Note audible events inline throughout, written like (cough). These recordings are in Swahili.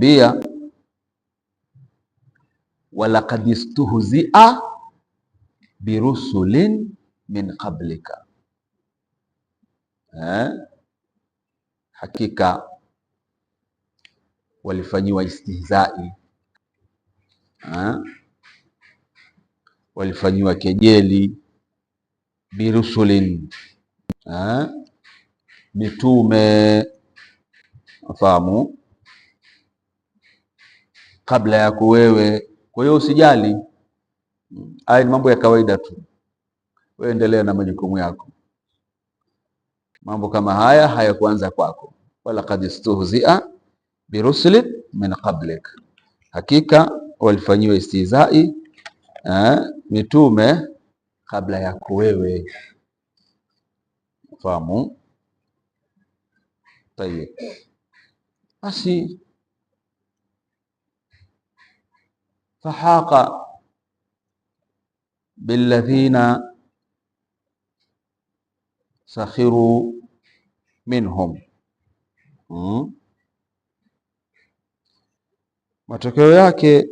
anawaambia walaqad istuhzia birusulin min qablika eh? Hakika walifanyiwa istihzai eh? Walifanyiwa kejeli birusulin eh? Mitume fahamu kabla yako wewe. Kwa hiyo usijali, haya ni mambo ya kawaida tu, wewe endelea na majukumu yako. Mambo kama haya hayakuanza kwako, walaqad istuhzia birusulin min qablik, hakika walifanyiwa istizai eh, mitume kabla yako wewe. Fahamu? Tayeb, basi فحاق بالذين سخروا منهم mm. Matokeo yake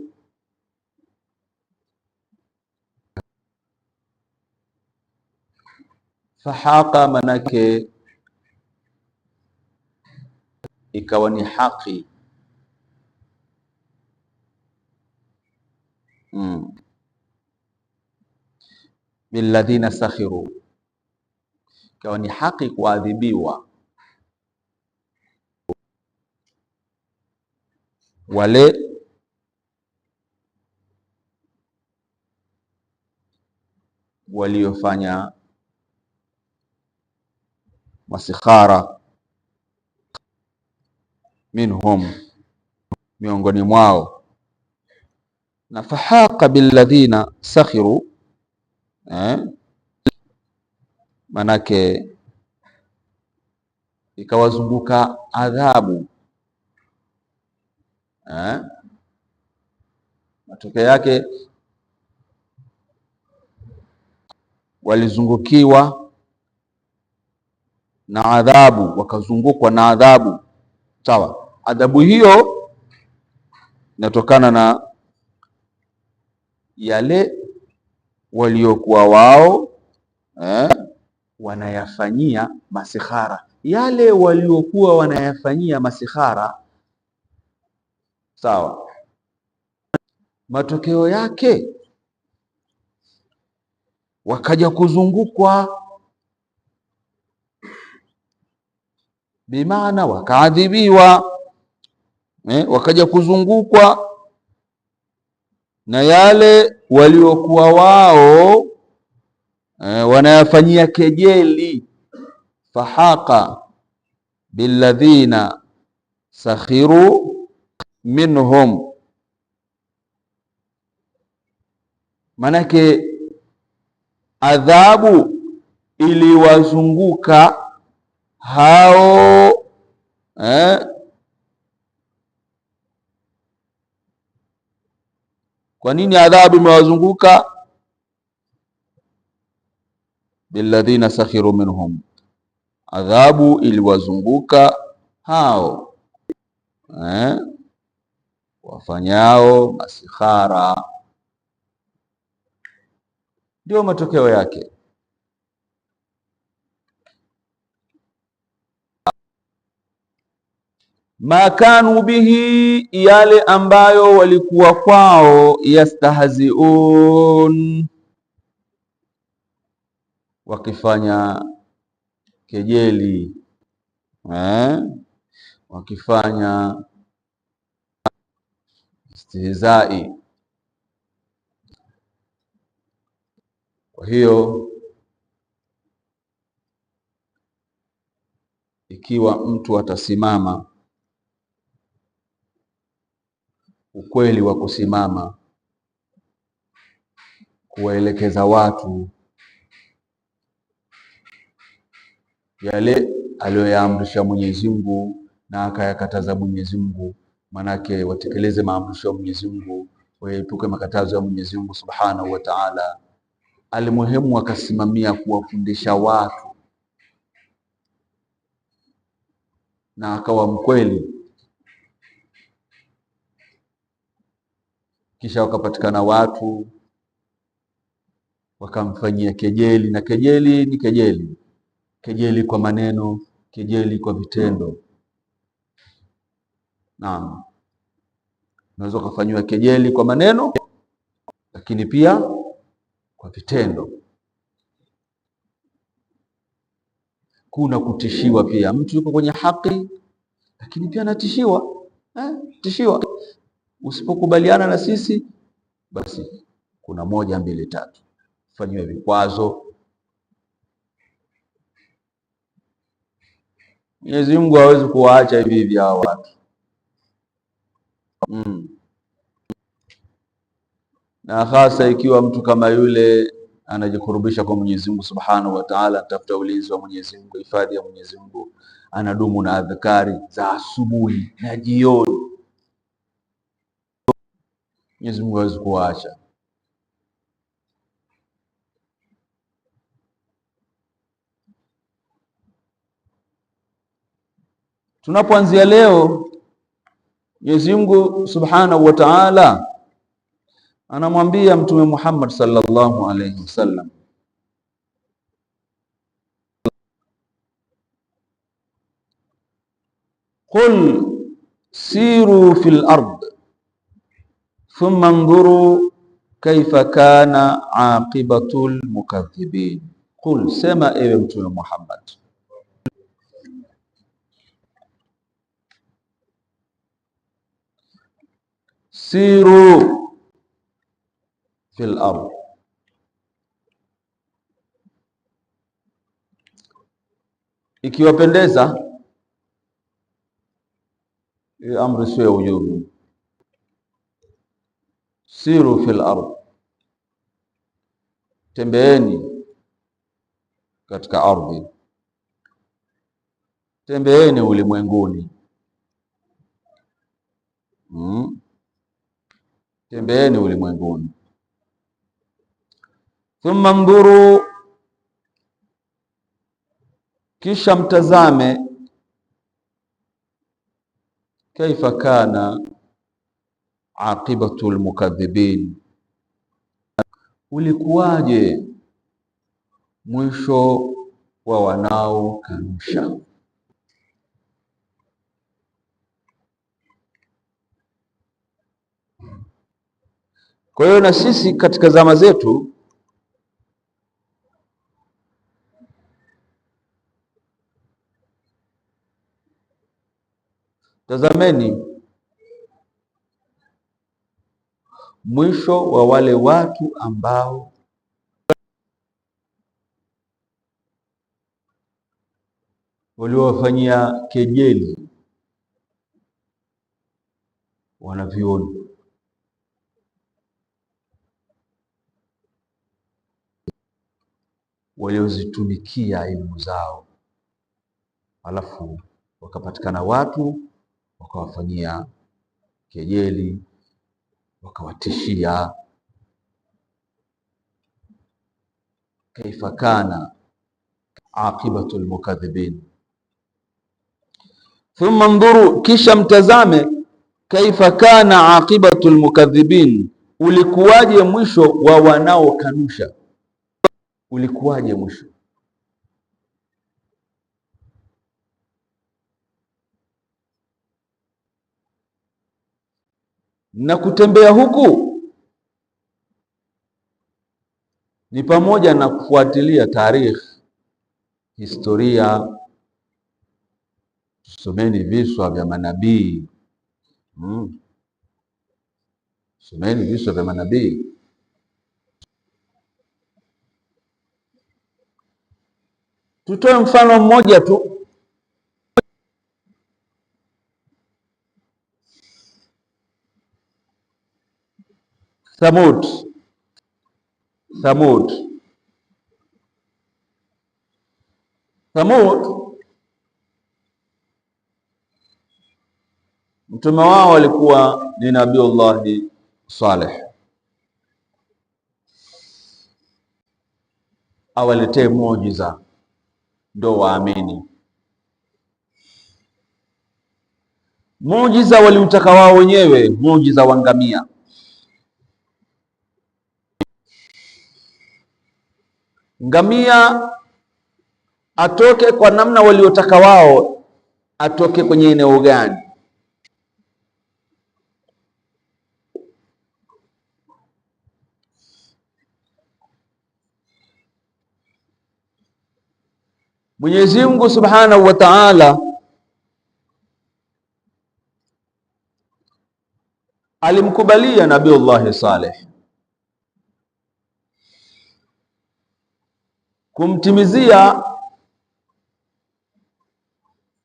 fahaqa, manake ikawa ni haki mm. billadhina sakhiru, ikawa ni haki kuadhibiwa wale waliofanya masikhara minhum, miongoni mwao na fahaqa billadhina sakhiru eh, manake ikawazunguka adhabu eh, matokeo yake walizungukiwa na adhabu, wakazungukwa na adhabu. Sawa, adhabu hiyo inatokana na yale waliokuwa wao eh, wanayafanyia masihara yale waliokuwa wanayafanyia masihara Sawa, matokeo yake wakaja kuzungukwa bimaana, wakaadhibiwa eh, wakaja kuzungukwa na yale waliokuwa wao eh, wanayafanyia kejeli. Fahaqa billadhina sakhiru minhum, manake adhabu iliwazunguka hao eh, Kwa nini adhabu imewazunguka? billadhina sakhiru minhum, adhabu iliwazunguka hao eh, wafanyao masikhara, ndio matokeo yake. makanu bihi, yale ambayo walikuwa kwao yastahziun, wakifanya kejeli eh? wakifanya istihzai. Kwa hiyo ikiwa mtu atasimama ukweli wa kusimama kuwaelekeza watu yale aliyoyaamrisha Mwenyezi Mungu na akayakataza Mwenyezi Mungu. Manake watekeleze maamrisho ya Mwenyezi Mungu, waepuke makatazo ya Mwenyezi Mungu Subhanahu wa Ta'ala. Alimuhimu akasimamia kuwafundisha watu na akawa mkweli kisha wakapatikana watu wakamfanyia kejeli, na kejeli ni kejeli, kejeli kwa maneno, kejeli kwa vitendo. Naam, unaweza ukafanyiwa kejeli kwa maneno, lakini pia kwa vitendo. Kuna kutishiwa pia, mtu yuko kwenye haki, lakini pia anatishiwa eh, tishiwa Usipokubaliana na sisi, basi kuna moja mbili tatu, fanyiwe vikwazo. Mwenyezi Mungu hawezi kuwaacha hivi vya watu mm. na hasa ikiwa mtu kama yule anajikurubisha kwa Mwenyezi Mungu Subhanahu wa Ta'ala, anatafuta ulinzi wa Mwenyezi Mungu, hifadhi ya Mwenyezi Mungu, anadumu na adhkari za asubuhi na jioni. Mwenyezi Mungu hawezi kuwaacha. Tunapoanzia leo, Mwenyezi Mungu Subhanahu wa Ta'ala anamwambia Mtume Muhammad sallallahu alayhi wasallam Qul siru fil ard thumma ndhuru kaifa kana aqibatul lmukadhibin Qul, sema ewe Mtume Muhammad, siru fi ardh, ikiwapendeza. Amri sio ya ujubu siru fil ardh, tembeeni katika ardhi, tembeeni ulimwenguni mm. Tembeeni ulimwenguni. Thumma mdhuru, kisha mtazame, kaifa kana aqibatul mukadhibin, ulikuwaje mwisho wa wanaokanusha. Kwa hiyo na sisi katika zama zetu tazameni mwisho wa wale watu ambao waliowafanyia kejeli wanavyuoni. waliozitumikia elimu zao, alafu wakapatikana watu wakawafanyia kejeli wakawatishia. Kaifa kana aqibatu lmukadhibin, thumma ndhuru, kisha mtazame. Kaifa kana aqibatu lmukadhibin, ulikuwaje mwisho wa wanaokanusha, ulikuwaje mwisho na kutembea huku ni pamoja na kufuatilia tarikhi, historia. Tusomeni viswa vya manabii hmm. Someni viswa vya manabii. Tutoe mfano mmoja tu Thamud, Thamud, Thamud, mtume wao alikuwa ni Nabiullahi Saleh. Awaletee muujiza ndo waamini. Muujiza waliutaka wao wenyewe, muujiza wa ngamia ngamia atoke kwa namna waliotaka wao, atoke kwenye eneo gani? Mwenyezi Mungu Subhanahu wa Ta'ala alimkubalia Nabiullahi Saleh kumtimizia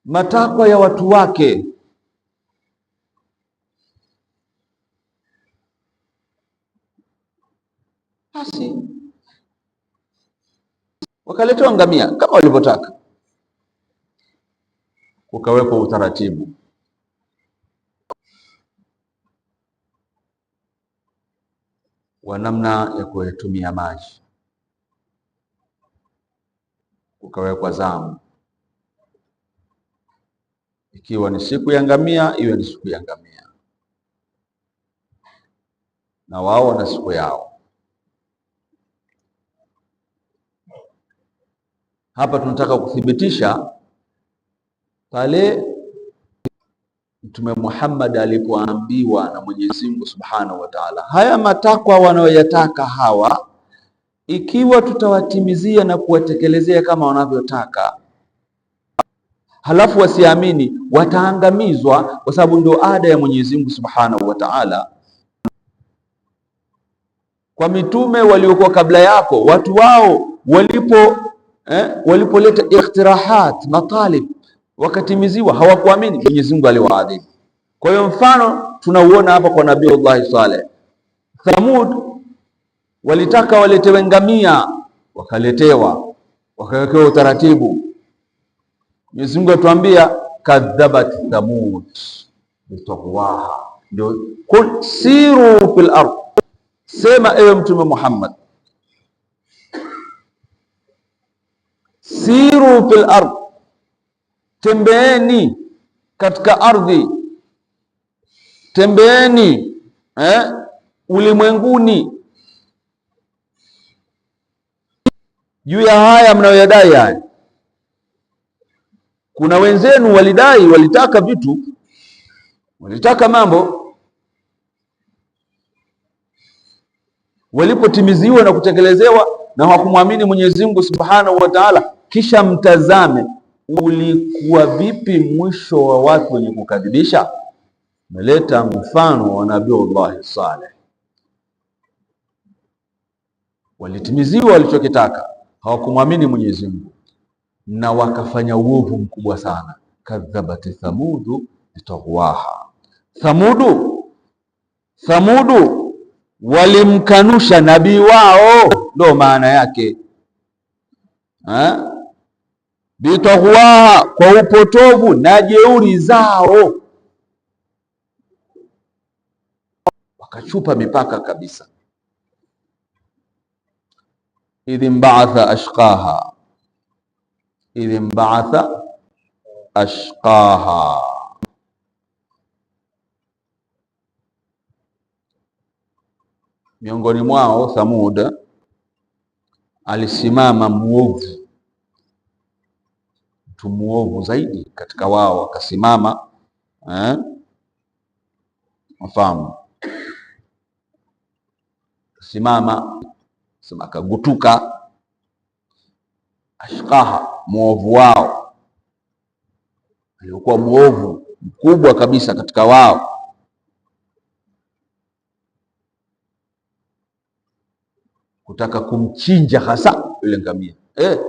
matakwa ya watu wake basi wakaletewa ngamia kama walivyotaka, ukawekwa utaratibu. wa namna ya kuyatumia maji ukawekwa zamu, ikiwa ni siku ya ngamia iwe ni siku ya ngamia, na wao wana siku yao. Hapa tunataka kuthibitisha pale Mtume Muhammad alipoambiwa na Mwenyezi Mungu Subhanahu wa Ta'ala, haya matakwa wanayoyataka hawa ikiwa tutawatimizia na kuwatekelezea kama wanavyotaka, halafu wasiamini, wataangamizwa, kwa sababu ndio ada ya Mwenyezi Mungu Subhanahu wa Ta'ala. Kwa mitume waliokuwa kabla yako, watu wao walipo eh, walipoleta ikhtirahat matalib wakatimiziwa, hawakuamini, Mwenyezi Mungu aliwaadhibu. Kwa hiyo mfano tunauona hapa kwa Nabii Allah Saleh Thamud Walitaka waletewe ngamia, wakaletewa, wakawekewa utaratibu. Mwenyezi Mungu atuambia kadhabat Thamud bitaqwaha, ndio kul siru fil ardh, sema ewe Mtume Muhammad, siru fil ardh, tembeeni katika ardhi, tembeeni eh, ulimwenguni juu ya haya mnayoyadai haya. Kuna wenzenu walidai, walitaka vitu, walitaka mambo, walipotimiziwa na kutekelezewa na hawakumwamini Mwenyezi Mungu Subhanahu wa Ta'ala, kisha mtazame ulikuwa vipi mwisho wa watu wenye kukadhibisha. Meleta mfano wa Nabiullahi Saleh, walitimiziwa walichokitaka hawakumwamini Mwenyezi Mungu na wakafanya uovu mkubwa sana. kadhabati thamudu bitaghwaha, Thamudu Thamudu walimkanusha nabii wao, ndo maana yake bitaghwaha, kwa upotovu na jeuri zao, wakachupa mipaka kabisa idh mbaatha ashqaha, idh ashqaha. Miongoni mwao Thamud alisimama muovu, mtu muovu zaidi katika wao akasimama, eh? Mafahamu simama sema akagutuka ashkaha, mwovu wao, aliokuwa mwovu mkubwa kabisa katika wao kutaka kumchinja hasa yule ngamia eh,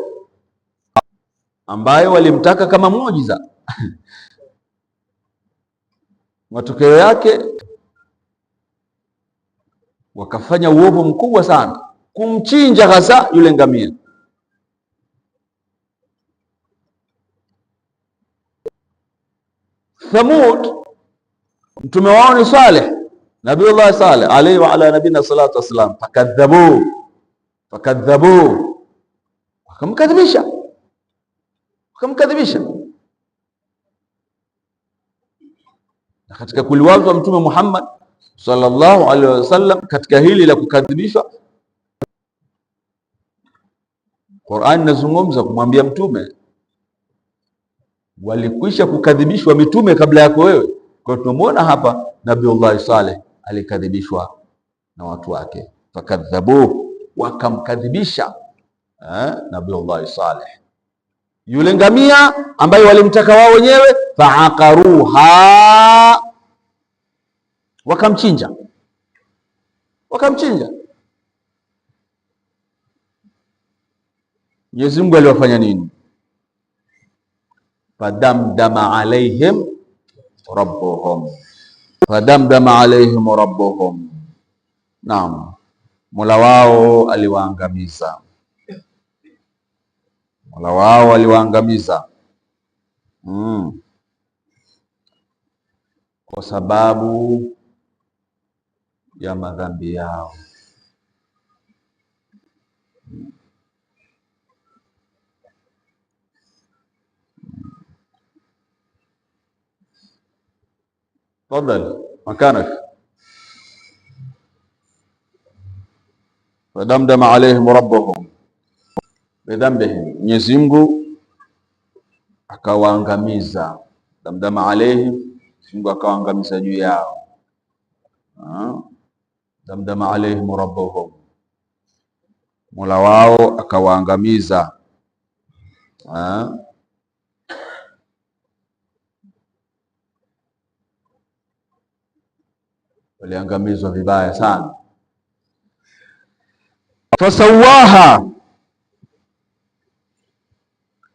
ambaye walimtaka kama muujiza (laughs) matokeo yake wakafanya uovu mkubwa sana. kumchinja hasa yule ngamia. Thamud, mtume wao ni Saleh, Nabiullah Saleh alayhi wa ala nabina salatu wassalam, fakadhabu fakadhabu, wakamkadhibisha wakamkadhibisha. Na katika kuliwazwa Mtume Muhammad sallallahu alaihi wasallam katika hili la kukadhibishwa Qur'an inazungumza kumwambia mtume, walikwisha kukadhibishwa mitume kabla yako wewe. Kwa hiyo tunamuona hapa Nabiullahi Saleh alikadhibishwa na watu wake, fakadhabu, wakamkadhibisha eh, Nabiullahi Saleh yule ngamia ambaye walimtaka wao wenyewe, faakaruha, wakamchinja wakamchinja Mwenyezi Mungu aliwafanya nini? Fadamdama alaihim rabbuhum, fadamdama alaihim rabbuhum. Naam, Mola wao aliwaangamiza, Mola wao aliwaangamiza mm. kwa sababu ya madhambi yao. Tafadhali makanak fadamdama alaihim rabbuhum bidhanbihim, Mwenyezi Mungu akawaangamiza. Damdama alaihim, Mungu akawaangamiza juu yao. Damdama alaihim rabbuhum, Mola wao akawaangamiza. waliangamizwa vibaya sana. Fasawaha,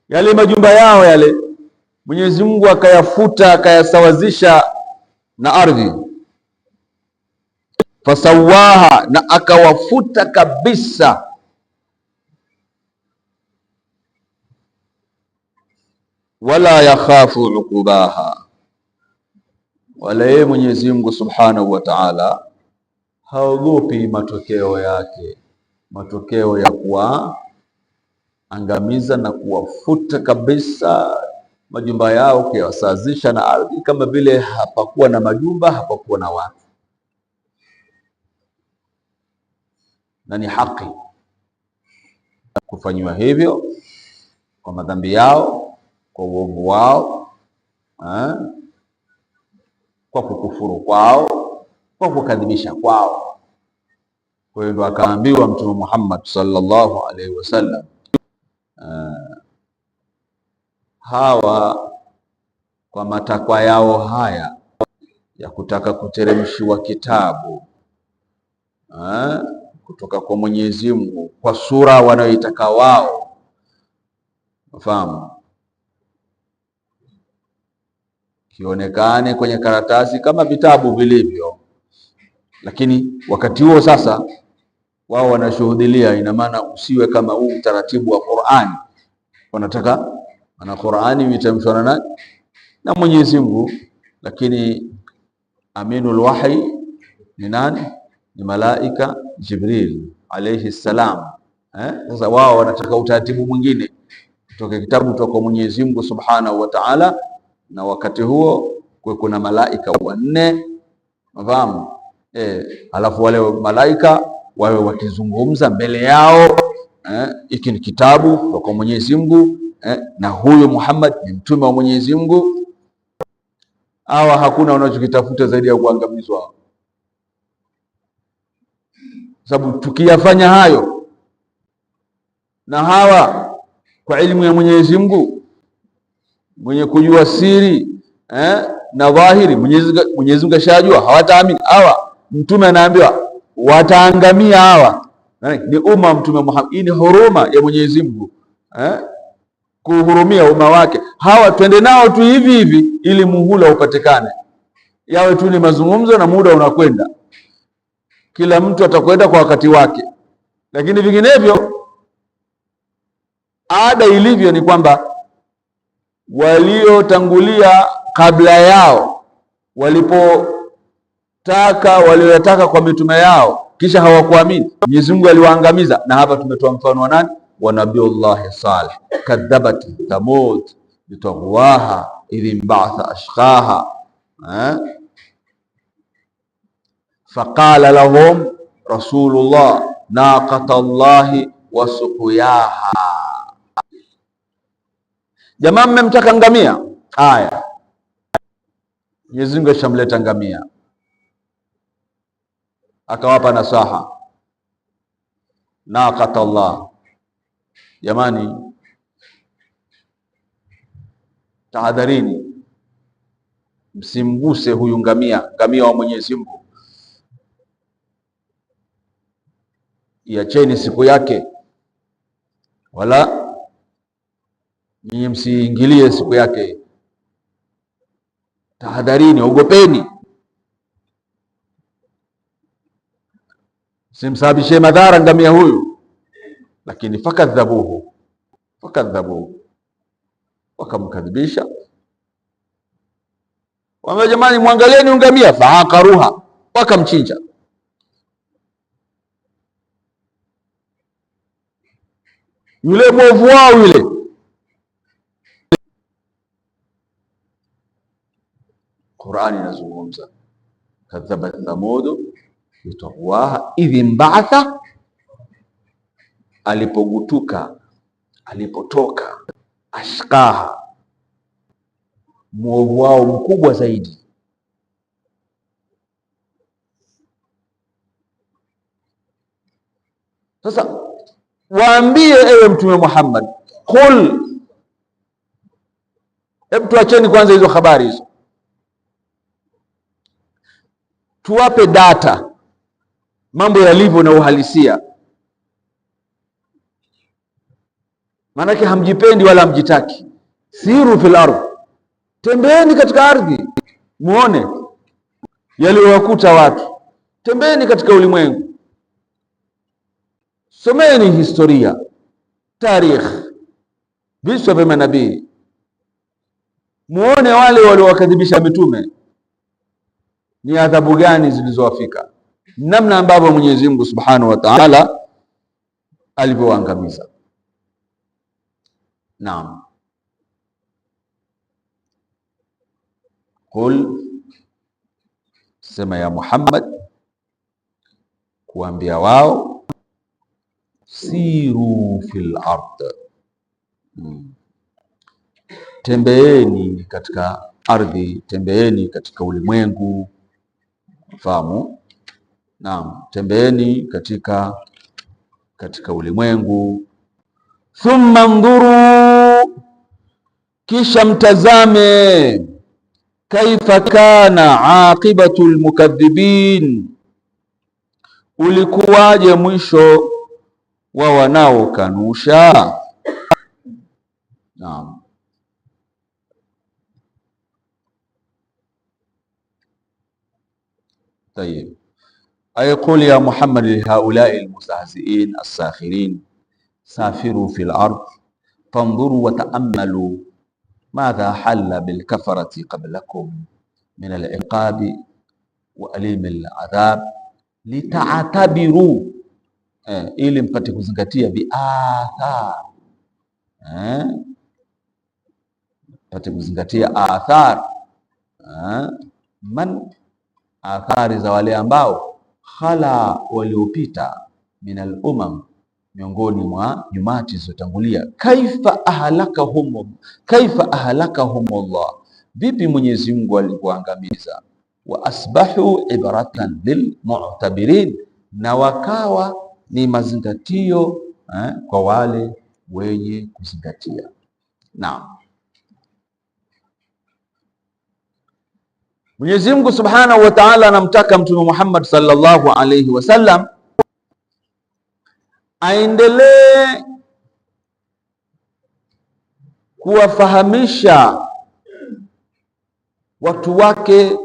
yale majumba yao yale Mwenyezi Mungu akayafuta akayasawazisha na ardhi. Fasawaha, na akawafuta kabisa wala yakhafu ukubaha wala yeye Mwenyezi Mungu Subhanahu wa Ta'ala haogopi matokeo yake, matokeo ya kuwaangamiza na kuwafuta kabisa majumba yao, ukiwasawazisha na ardhi, kama vile hapakuwa na majumba, hapakuwa na watu, na ni haki kufanyiwa hivyo kwa madhambi yao, kwa uovu wao ha? Eh? kwa kukufuru kwao, kwa kukadhibisha kwao. Kwa hiyo ndo akaambiwa Mtume Muhammad sallallahu alaihi wasallam, ah, hawa kwa matakwa yao haya ya kutaka kuteremshiwa kitabu ha, ah, kutoka kwa Mwenyezi Mungu kwa sura wanayoitaka wao, unafahamu kionekane kwenye karatasi kama vitabu vilivyo, lakini wakati huo sasa wao wanashuhudilia. Ina maana usiwe kama huu utaratibu wa Qur'ani, wanataka ana Qur'ani imetamshwa na nani? Na Mwenyezi Mungu, lakini aminul wahi ni nani? Ni malaika Jibril alayhi salam. Eh, sasa wao wanataka utaratibu mwingine kutoka kitabu toka Mwenyezi Mungu subhanahu wa ta'ala na wakati huo kuwe kuna malaika wanne mafahamu e, alafu wale malaika wawe wakizungumza mbele yao e, hiki e, ni kitabu kwa Mwenyezi Mungu e, na huyo Muhammad ni mtume wa Mwenyezi Mungu. Hawa hakuna wanachokitafuta zaidi ya kuangamizwa, sababu tukiyafanya hayo na hawa kwa elimu ya Mwenyezi Mungu mwenye kujua siri eh, na dhahiri. Mwenyezi Mungu ashajua hawataamini hawa. Mtume anaambiwa wataangamia hawa, yaani, ni umma wa Mtume Muhammad. Hii ni huruma ya Mwenyezi Mungu eh, kuhurumia umma wake. Hawa twende nao tu hivi hivi, ili muhula upatikane, yawe tu ni mazungumzo na muda unakwenda, kila mtu atakwenda kwa wakati wake, lakini vinginevyo ada ilivyo ni kwamba waliotangulia kabla yao walipotaka waliyotaka kwa mitume yao, kisha hawakuamini, Mwenyezi Mungu aliwaangamiza. Na hapa tumetoa mfano wa nani? Wa Nabiyullahi Saleh, kadhabat Thamud bitaghwaha idh ashqaha eh? faqala lahum rasulullah naqata llahi wa Jamaa mmemtaka ngamia? Haya, Mwenyezi Mungu ashamleta ngamia, akawapa nasaha naqatallah. Jamani, tahadharini, msimguse huyu ngamia, ngamia wa Mwenyezi Mungu, iacheni siku yake wala nyinyi msiingilie siku yake. Tahadharini, ogopeni, msimsababishie madhara ngamia huyu. Lakini fakadhabuhu, fakadhabuhu, wakamkadhibisha Wambia jamani, mwangalieni ungamia. Faakaruha, wakamchinja. Yule mwovu wao yule Qurani inazungumza kadhabat Thamudu bitaqwaha idhi mbaatha, alipogutuka alipotoka ashqaha, mwovu wao mkubwa zaidi. Sasa waambie, ewe Mtume Muhammad, kul, hebu tuacheni kwanza hizo habari hizo tuwape data mambo yalivyo na uhalisia, maanake hamjipendi wala hamjitaki. Siru fil ardh, tembeeni katika ardhi muone yaliyowakuta watu. Tembeeni katika ulimwengu, someni historia, tarikh, viswa vya manabii, muone wale waliowakadhibisha mitume ni adhabu gani zilizowafika, namna ambavyo Mwenyezi Mungu Subhanahu wa Ta'ala alivyoangamiza. Naam, qul sema ya Muhammad, kuambia wao siru fil ard hmm. Tembeeni katika ardhi, tembeeni katika ulimwengu fahamu. Naam, tembeeni katika katika ulimwengu. Thumma ndhuru, kisha mtazame. Kaifa kana aqibatu lmukadhibin, ulikuwaje mwisho wa wanaokanusha. Naam. طيب أي قل يا محمد لهؤلاء المستهزئين الساخرين سافروا في الأرض فانظروا وتأملوا ماذا حل بالكفرة قبلكم من العقاب وأليم العذاب لتعتبروا إلي ili mpate kuzingatia viathar eh? athari za wale ambao khala waliopita min umam miongoni mwa jumati zilizotangulia. Kaifa ahlakahum kaifa ahlakahum Allah, vipi Mwenyezi Mungu alikuangamiza Wa asbahu ibratan lilmutabirin, na wakawa ni mazingatio eh, kwa wale wenye kuzingatia. Naam. Mwenyezi Mungu Subhanahu wa Ta'ala anamtaka Mtume Muhammad sallallahu alaihi wasallam aendelee kuwafahamisha watu wake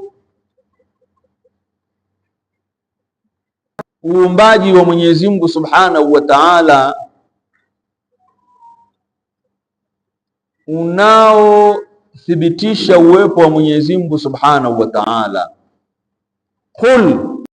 uumbaji wa Mwenyezi Mungu Subhanahu wa Ta'ala unao thibitisha uwepo wa Mwenyezi Mungu Subhanahu wa Ta'ala. Qul